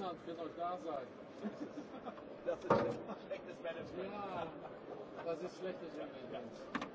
Niemand wird noch da sein. Das ist schlechtes Management. Ja, das ist schlechtes Management. Ja.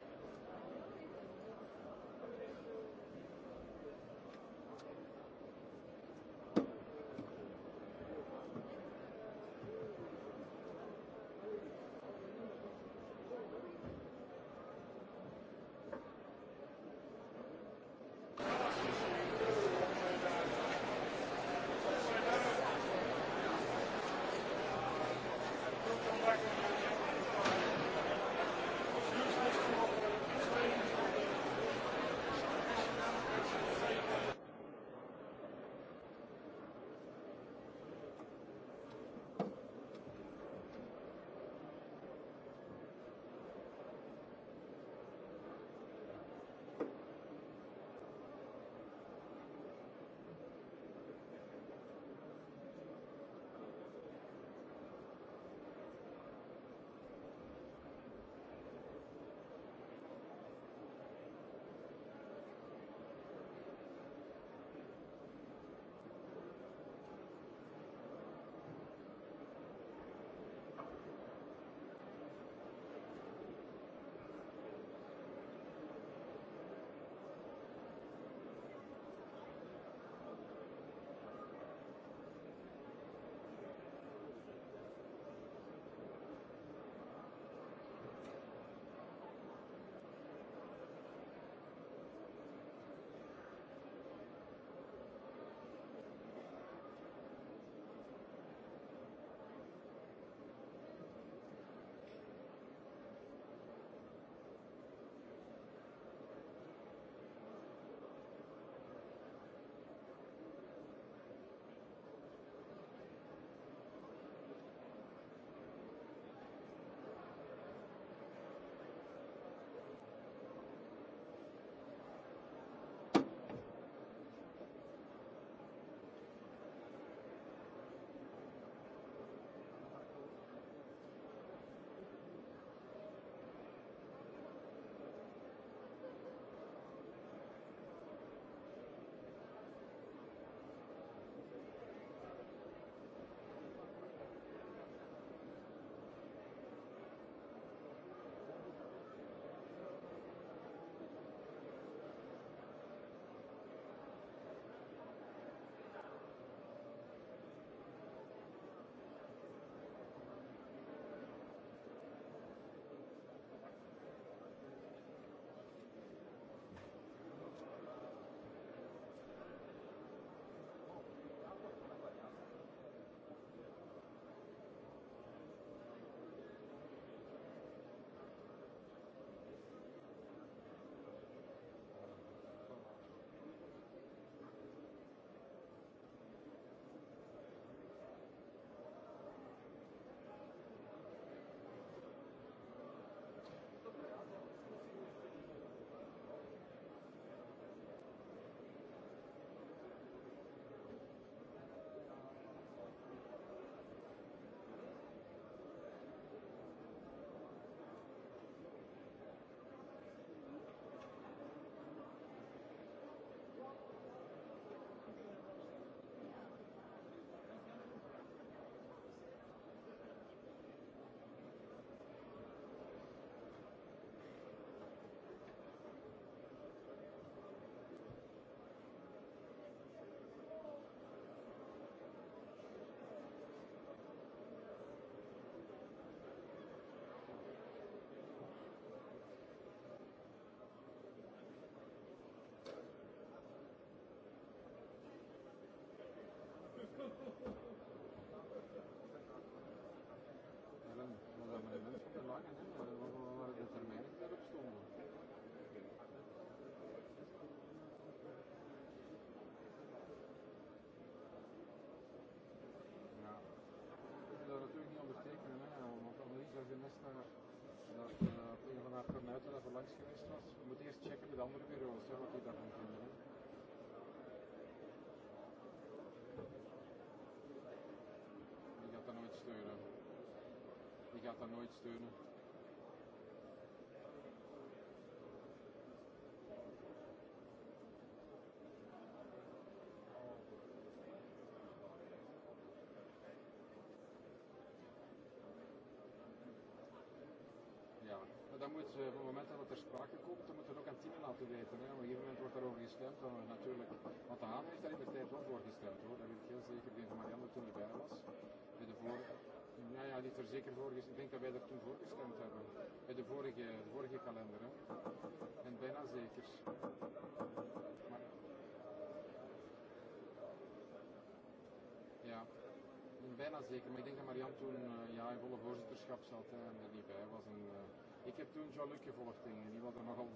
Landet i Rönnström och Ida Kontinen. Vi kan ta nöjd stöd. Vi kan ta nöjd stöd. uh, op het moment dat het ter sprake komt, dan moeten we het ook aan het team laten weten. Hè. Op een gegeven moment wordt daarover gestemd. Dan natuurlijk, want de Haan heeft daar in de tijd wel voor gestemd hoor. Daar weet ik heel zeker. Ik denk dat Marianne toen erbij was. Bij de vorige, nou ja, niet er zeker voor gestemd. Ik denk dat wij er toen voor gestemd hebben. Bij de vorige, de vorige kalender. Hè. En bijna zeker. Maar, ja. Bijna zeker, maar ik denk dat Marianne toen uh, ja, in volle voorzitterschap zat hè, en er niet bij was. En, uh, Ik heb toen Jean-Luc gevolgd en die was dan nogal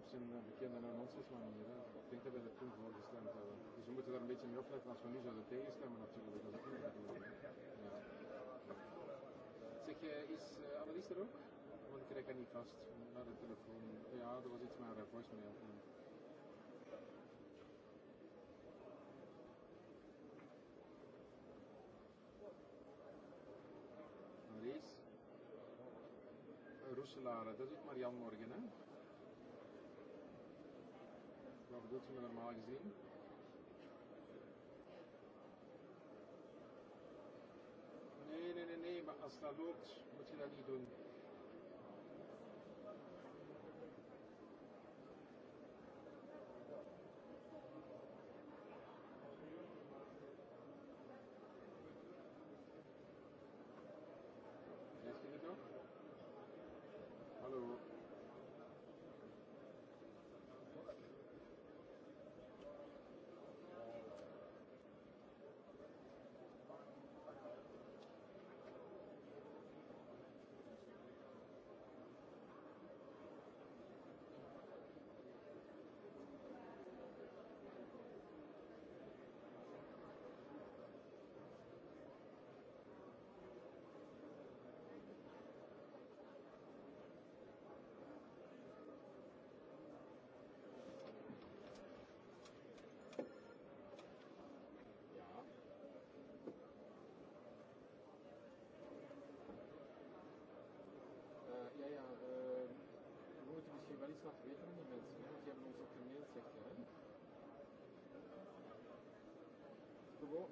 op zijn bekende nonsens manier. Hè. Ik denk dat we dat toen voorgestemd hebben. Dus we moeten daar een beetje mee opletten als we nu zouden tegenstemmen natuurlijk. Dat is ook niet bedoeld. Ja. Zeg, is Annelies er ook? Want ik krijg haar niet vast naar de telefoon. Ja, er was iets met haar voicemail. Roeselare, dat doet Marian morgen, hè? Wat bedoelt u normaal gezien? Nee, nee, nee, nee, maar als dat loopt, moet je dat niet doen. смотреть на негативно, я был за конец, я Кто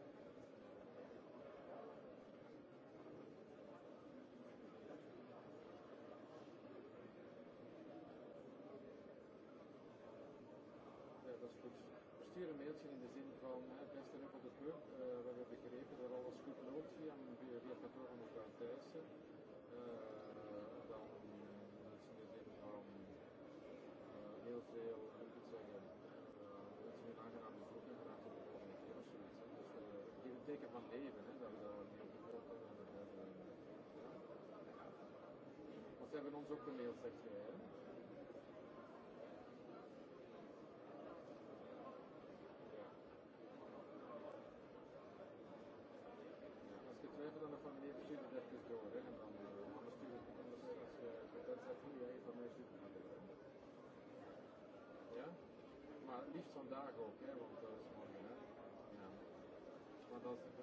Och så är vi någon som opponerar sig.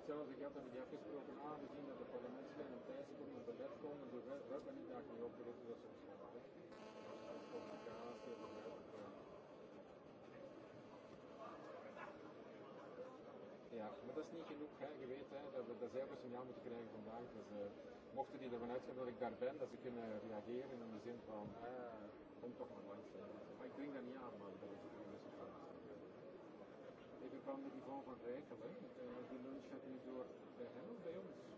zelfs ik had dat met die afgesproken aangezien dat de parlementsleden op tijd komen, op de wet komen, de wet, wet ben ik daar niet opgericht, dat is ons gewoon. Communicatie, de wet. Ja, maar dat is niet genoeg. Hè. Je weet hè, dat we dat zelf een signaal moeten krijgen vandaag. Dus uh, mochten die ervan uitgaan dat ik daar ben, dat ze kunnen reageren in de zin van, eh, kom toch maar langs. Hè. Maar ik denk dat niet aan, man. Dat is det vi kommer ifrån från Grekland. Eh, det lunchade vi då hemma hos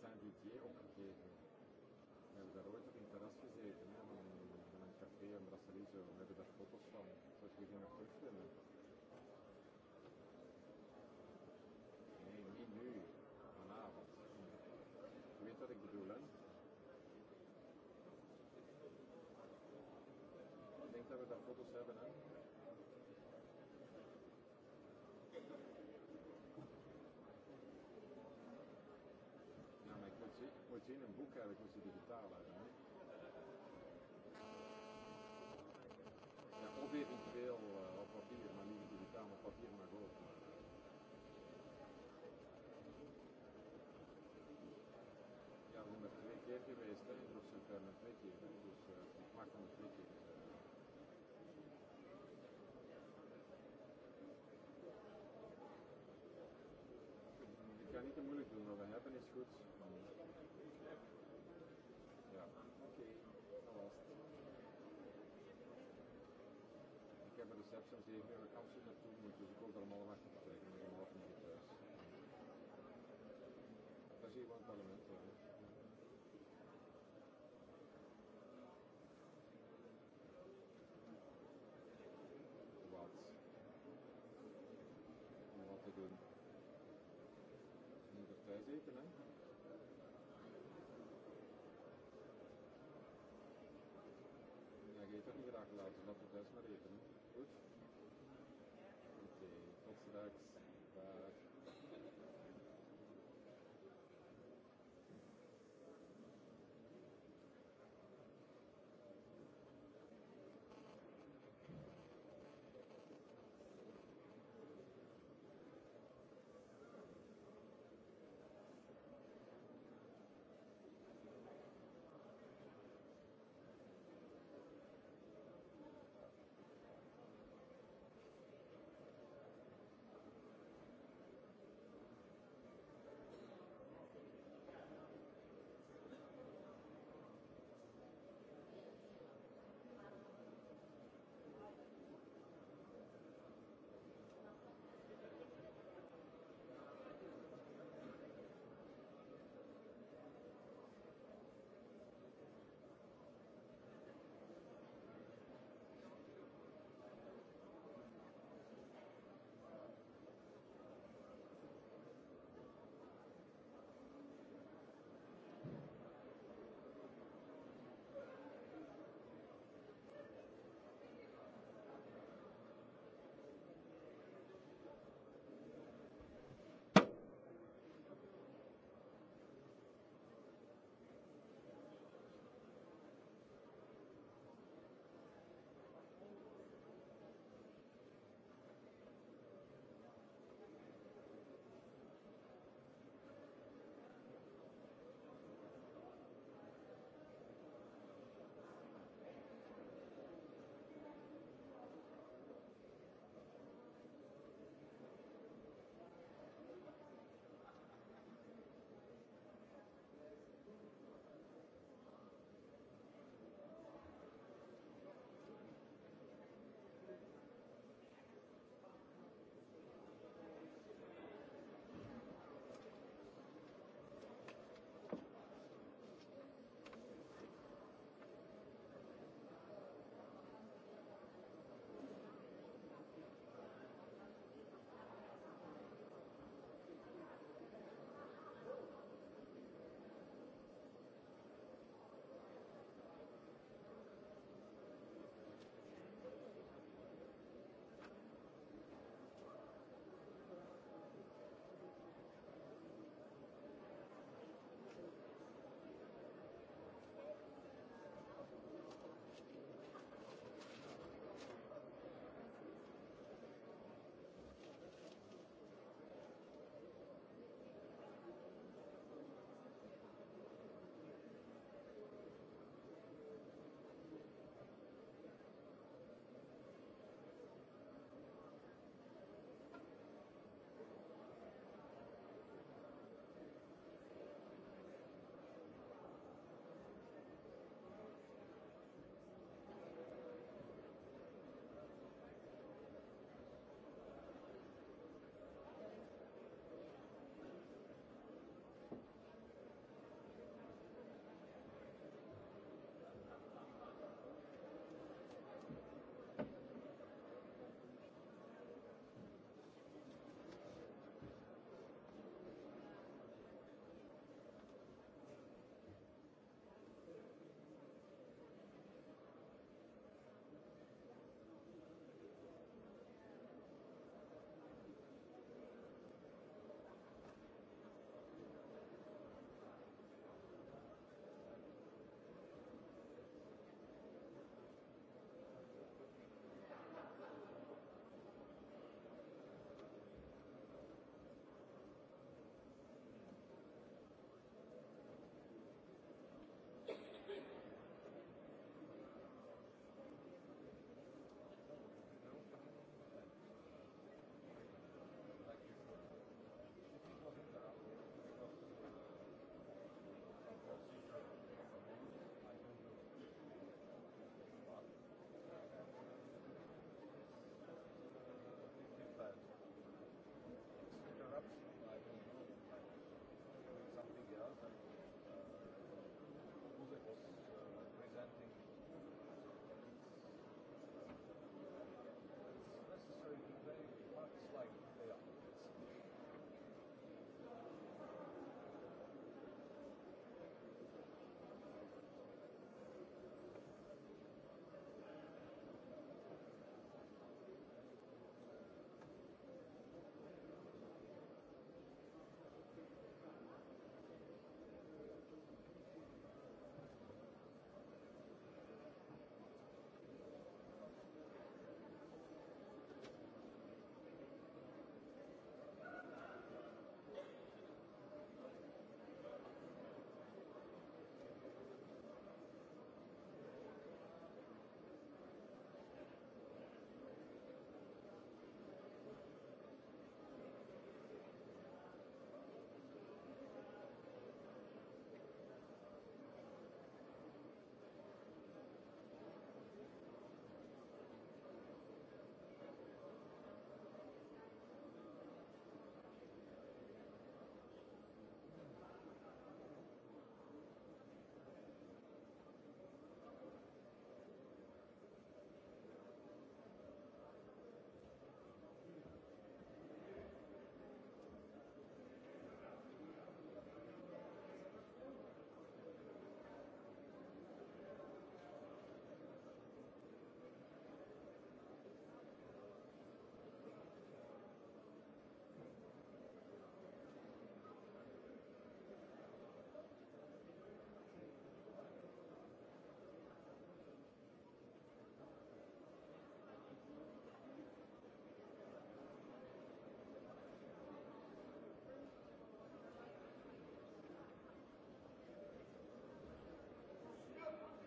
Saint Didier opgegeven. We hebben daar ooit op in het terras gezeten, hè, van, van een café en brasserie, zo. we hebben daar foto's van. Dus we gingen insieme un buca le possibilità là, eh? Ja, of eventueel uh, op papier, maar niet digitaal, maar op papier maar ook. Maar, uh, ja, we zijn er twee keer geweest hè, in Brussel, maar twee keer. Hè, dus uh, ik mag dan twee keer. Uh, ik kan niet te moeilijk doen, maar we hebben is goed. receptions die ik naar de kansel naartoe moet. Dus ik hoop dat hem allemaal achter te trekken. Ik allemaal achter te trekken. Daar zie je wel het parlement. Uh, wat. Om wat te doen. Je moet er thuis eten, hè? Ja, je eet ook niet graag laten, laten we thuis maar eten, hè? Gut. Okay, Toxilax, Vax.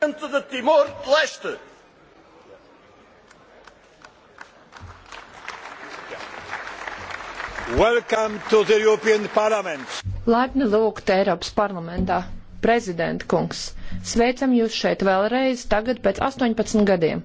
presidente de Timor-Leste. Welcome to the European Parliament. Laipni lūgt Eiropas parlamentā. Prezidenta kungs, sveicam jūs šeit vēlreiz tagad pēc 18 gadiem.